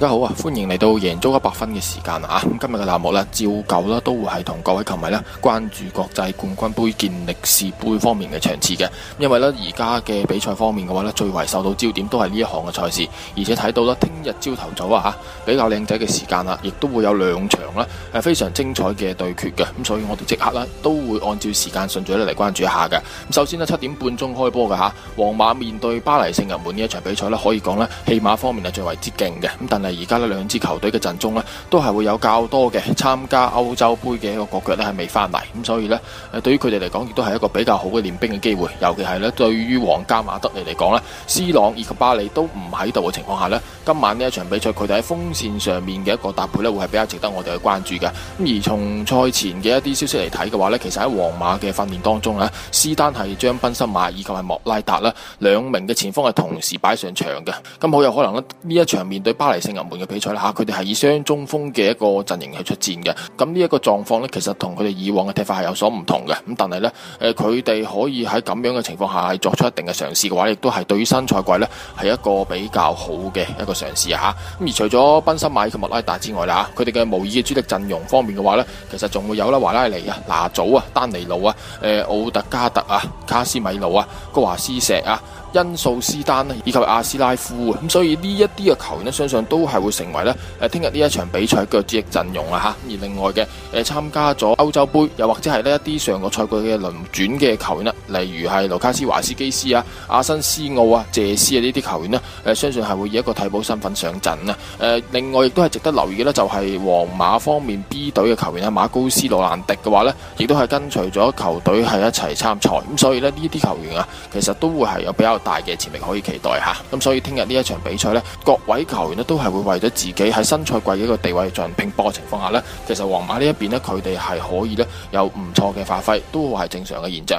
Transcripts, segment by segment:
大家好啊！歡迎嚟到贏足一百分嘅時間啊！咁今日嘅欄目呢，照舊都會係同各位球迷咧關注國際冠軍盃、健力士盃方面嘅場次嘅。因為咧而家嘅比賽方面嘅話呢，最為受到焦點都係呢一項嘅賽事。而且睇到咧，聽日朝頭早啊吓，比較靚仔嘅時間啊，亦都會有兩場啦，係非常精彩嘅對決嘅。咁所以，我哋即刻呢，都會按照時間順序咧嚟關注一下嘅。咁首先呢，七點半鐘開波嘅吓、啊，皇馬面對巴黎聖日門呢一場比賽呢，可以講呢，戲碼方面係最為之勁嘅。咁但係。而家咧兩支球隊嘅陣中咧，都係會有較多嘅參加歐洲杯嘅一個國腳咧係未翻嚟，咁所以呢，誒對於佢哋嚟講，亦都係一個比較好嘅練兵嘅機會。尤其係咧，對於皇家馬德里嚟講呢，斯朗以及巴黎都唔喺度嘅情況下呢，今晚呢一場比賽佢哋喺鋒線上面嘅一個搭配咧，會係比較值得我哋去關注嘅。咁而從賽前嘅一啲消息嚟睇嘅話呢，其實喺皇馬嘅訓練當中呢，斯丹係將賓心馬，以及係莫拉達啦，兩名嘅前鋒係同時擺上場嘅，咁好有可能咧呢一場面對巴黎。門嘅比賽啦吓，佢哋係以雙中鋒嘅一個陣營去出戰嘅，咁呢一個狀況咧，其實同佢哋以往嘅踢法係有所唔同嘅，咁但係呢，誒佢哋可以喺咁樣嘅情況下係作出一定嘅嘗試嘅話，亦都係對於新賽季呢，係一個比較好嘅一個嘗試吓。咁、啊、而除咗賓施馬及莫拉達之外啦吓，佢哋嘅模擬嘅主力陣容方面嘅話呢，其實仲會有啦，華拉尼啊、拿祖啊、丹尼路啊、誒、呃、奧特加特啊、卡斯米路啊、高華斯石啊。因素斯丹咧，以及阿斯拉夫啊，咁所以呢一啲嘅球員咧，相信都係會成為咧，誒，聽日呢一場比賽嘅主力陣容啊吓。而另外嘅，誒，參加咗歐洲杯，又或者係呢一啲上個賽季嘅輪轉嘅球員咧。例如係盧卡斯·華斯基斯啊、阿申斯奧啊、謝斯啊呢啲球員咧，誒、呃，相信係會以一個替補身份上陣啊。誒、呃，另外亦都係值得留意咧，就係皇馬方面 B 隊嘅球員啊馬高斯·羅蘭迪嘅話咧，亦都係跟隨咗球隊係一齊參賽。咁所以咧呢啲球員啊，其實都會係有比較大嘅潛力可以期待吓。咁所以聽日呢一場比賽咧，各位球員咧都係會為咗自己喺新賽季嘅一個地位進行拼搏嘅情況下咧，其實皇馬這一邊呢一邊咧佢哋係可以咧有唔錯嘅發揮，都係正常嘅現象。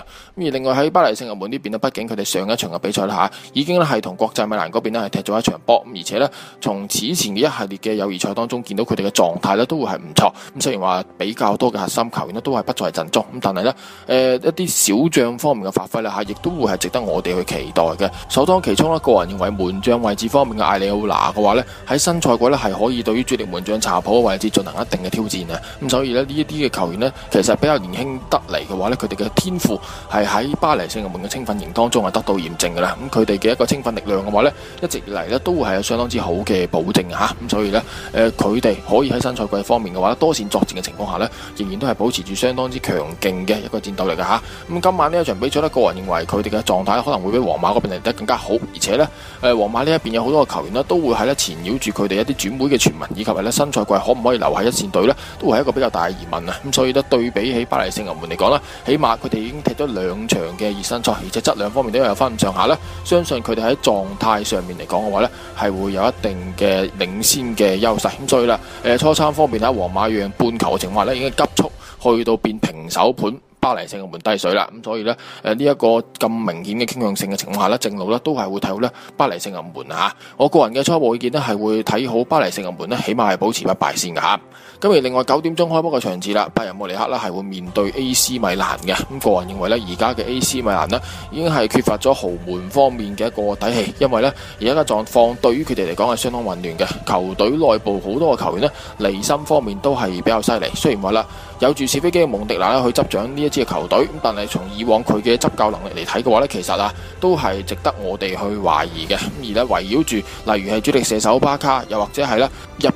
另外喺巴黎聖日門呢邊呢，畢竟佢哋上一場嘅比賽啦吓，已經咧係同國際米蘭嗰邊呢係踢咗一場波，而且呢，從此前嘅一系列嘅友誼賽當中見到佢哋嘅狀態呢都會係唔錯。咁雖然話比較多嘅核心球員呢都係不在陣中，咁但係呢誒、呃、一啲小將方面嘅發揮啦吓，亦都會係值得我哋去期待嘅。首當其衝咧，個人認為門將位置方面嘅艾利奧拿嘅話呢，喺新賽季呢係可以對於主力門將查普嘅位置進行一定嘅挑戰啊，咁所以呢呢一啲嘅球員呢其實比較年輕得嚟嘅話呢，佢哋嘅天賦係喺。巴黎聖日門嘅青訓營當中係得到驗證噶啦。咁佢哋嘅一個青訓力量嘅話呢，一直嚟，呢都係有相當之好嘅保證吓，咁、啊、所以呢，誒佢哋可以喺新賽季方面嘅話多綫作戰嘅情況下呢，仍然都係保持住相當之強勁嘅一個戰鬥力嘅吓。咁、啊嗯、今晚呢一場比賽呢，個人認為佢哋嘅狀態可能會比皇馬嗰邊嚟得更加好，而且呢，誒、呃、皇馬呢一邊有好多嘅球員呢，都會係呢纏繞住佢哋一啲轉會嘅傳聞，以及係呢新賽季可唔可以留喺一綫隊呢，都係一個比較大嘅疑問啊。咁所以呢，對比起巴黎聖日門嚟講呢，起碼佢哋已經踢咗兩場。嘅熱身賽，而且質量方面都有分咁上下咧，相信佢哋喺狀態上面嚟講嘅話咧，係會有一定嘅領先嘅優勢。咁所以啦，誒、呃，初三方面喺皇馬讓半球嘅情況下咧，已經急速去到變平手盤。巴黎聖門低水啦，咁所以呢，誒呢一個咁明顯嘅傾向性嘅情況下呢，正路呢都係會睇好呢巴黎聖門吓。我個人嘅初步意見呢，係會睇好巴黎聖門呢，起碼係保持不敗先噶。今日另外九點鐘開波嘅場次啦，拜仁慕尼克呢係會面對 A.C. 米蘭嘅。咁個人認為呢，而家嘅 A.C. 米蘭呢已經係缺乏咗豪門方面嘅一個底氣，因為呢而家嘅狀況對於佢哋嚟講係相當混亂嘅，球隊內部好多嘅球員呢，離心方面都係比較犀利。雖然話啦。有住小飛機嘅蒙迪拿去執掌呢一支嘅球隊，咁但係從以往佢嘅執教能力嚟睇嘅話呢，其實啊都係值得我哋去懷疑嘅。而呢圍繞住，例如係主力射手巴卡，又或者係呢。入。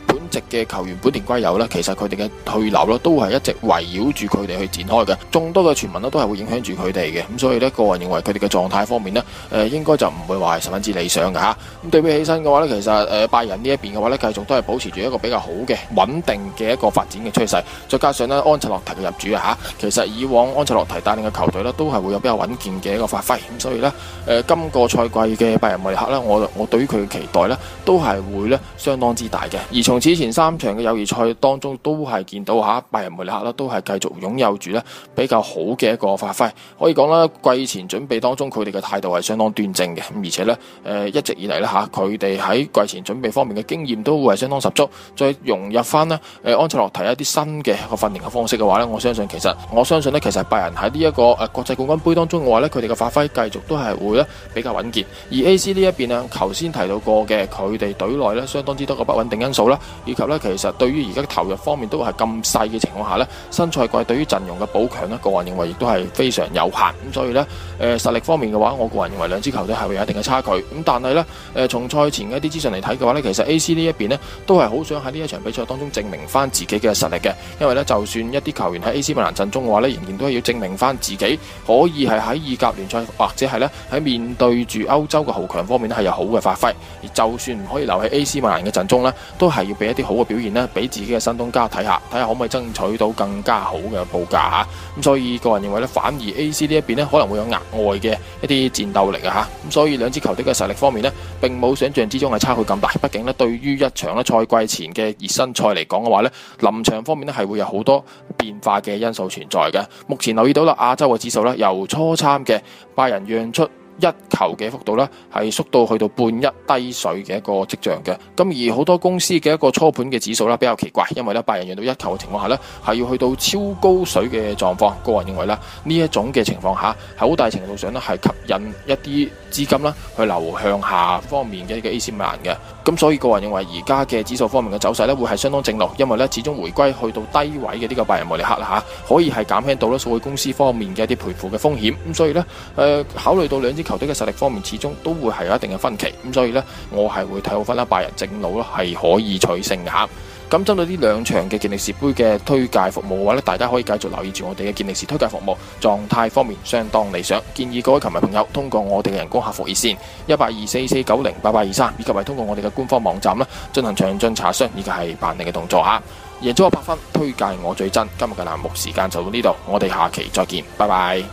嘅球員本地瓜友呢？其實佢哋嘅去留咯，都係一直圍繞住佢哋去展開嘅。眾多嘅傳聞咧，都係會影響住佢哋嘅。咁所以咧，個人認為佢哋嘅狀態方面咧，誒應該就唔會話係十分之理想嘅嚇。咁對比起身嘅話呢，其實誒拜仁呢一邊嘅話呢，繼續都係保持住一個比較好嘅穩定嘅一個發展嘅趨勢。再加上呢，安切洛提嘅入主啊，其實以往安切洛提帶領嘅球隊咧，都係會有比較穩健嘅一個發揮。咁所以呢，誒、呃、今個賽季嘅拜仁慕尼黑呢，我我對於佢嘅期待呢，都係會呢相當之大嘅。而從此前前三場嘅友誼賽當中，都係見到吓拜仁慕尼黑啦，都係繼續擁有住咧比較好嘅一個發揮，可以講啦，季前準備當中佢哋嘅態度係相當端正嘅，而且咧誒一直以嚟咧吓佢哋喺季前準備方面嘅經驗都會係相當十足，再融入翻咧誒安切洛提一啲新嘅個訓練嘅方式嘅話咧，我相信其實我相信咧其實拜仁喺呢一個誒國際冠軍杯當中嘅話咧，佢哋嘅發揮繼續都係會咧比較穩健，而 A.C 這一邊呢一邊啊，頭先提到過嘅佢哋隊內咧相當之多嘅不穩定因素啦。以及咧，其實對於而家嘅投入方面都係咁細嘅情況下呢，新賽季對於陣容嘅補強呢，個人認為亦都係非常有限。咁所以呢，誒、呃、實力方面嘅話，我個人認為兩支球隊係會有一定嘅差距。咁但係呢，誒、呃、從賽前嘅一啲資訊嚟睇嘅話呢，其實 AC 呢一邊呢，都係好想喺呢一場比賽當中證明翻自己嘅實力嘅。因為呢，就算一啲球員喺 AC 米蘭陣中嘅話呢，仍然都係要證明翻自己可以係喺意甲聯賽或者係呢，喺面對住歐洲嘅豪強方面咧係有好嘅發揮。而就算唔可以留喺 AC 米蘭嘅陣中呢，都係要俾一啲。好嘅表現呢，俾自己嘅新東家睇下，睇下可唔可以爭取到更加好嘅報價嚇。咁所以個人認為呢，反而 AC 呢一邊呢，可能會有額外嘅一啲戰鬥力啊嚇。咁所以兩支球隊嘅實力方面呢，並冇想象之中嘅差距咁大。畢竟呢，對於一場呢賽季前嘅熱身賽嚟講嘅話呢，臨場方面呢係會有好多變化嘅因素存在嘅。目前留意到啦，亞洲嘅指數呢，由初參嘅拜仁讓出一球嘅幅度呢，係縮到去到半一低水嘅一個跡象嘅。咁而好多公司嘅一個初盤嘅指數呢，比較奇怪，因為呢拜仁贏到一球嘅情況下呢，係要去到超高水嘅狀況。個人認為呢，呢一種嘅情況下係好大程度上呢，係吸引一啲資金啦去流向下方面嘅一個 A 線慢嘅。咁、嗯、所以個人認為而家嘅指數方面嘅走勢呢，會係相當正路，因為呢始終回歸去到低位嘅呢個拜仁慕尼克啦嚇，可以係減輕到呢數位公司方面嘅一啲賠付嘅風險。咁所以呢，誒、呃、考慮到兩支。球隊嘅實力方面始終都會係有一定嘅分歧，咁所以呢，我係會睇好翻啦，拜仁正路啦係可以取勝啊！咁針對呢兩場嘅健力士杯嘅推介服務嘅話呢，大家可以繼續留意住我哋嘅健力士推介服務，狀態方面相當理想，建議各位球迷朋友通過我哋嘅人工客服熱線一八二四四九零八八二三，124, 490, 823, 以及係通過我哋嘅官方網站啦，進行詳盡查詢以及係辦理嘅動作啊！贏咗我百分，推介我最真，今日嘅欄目時間就到呢度，我哋下期再見，拜拜。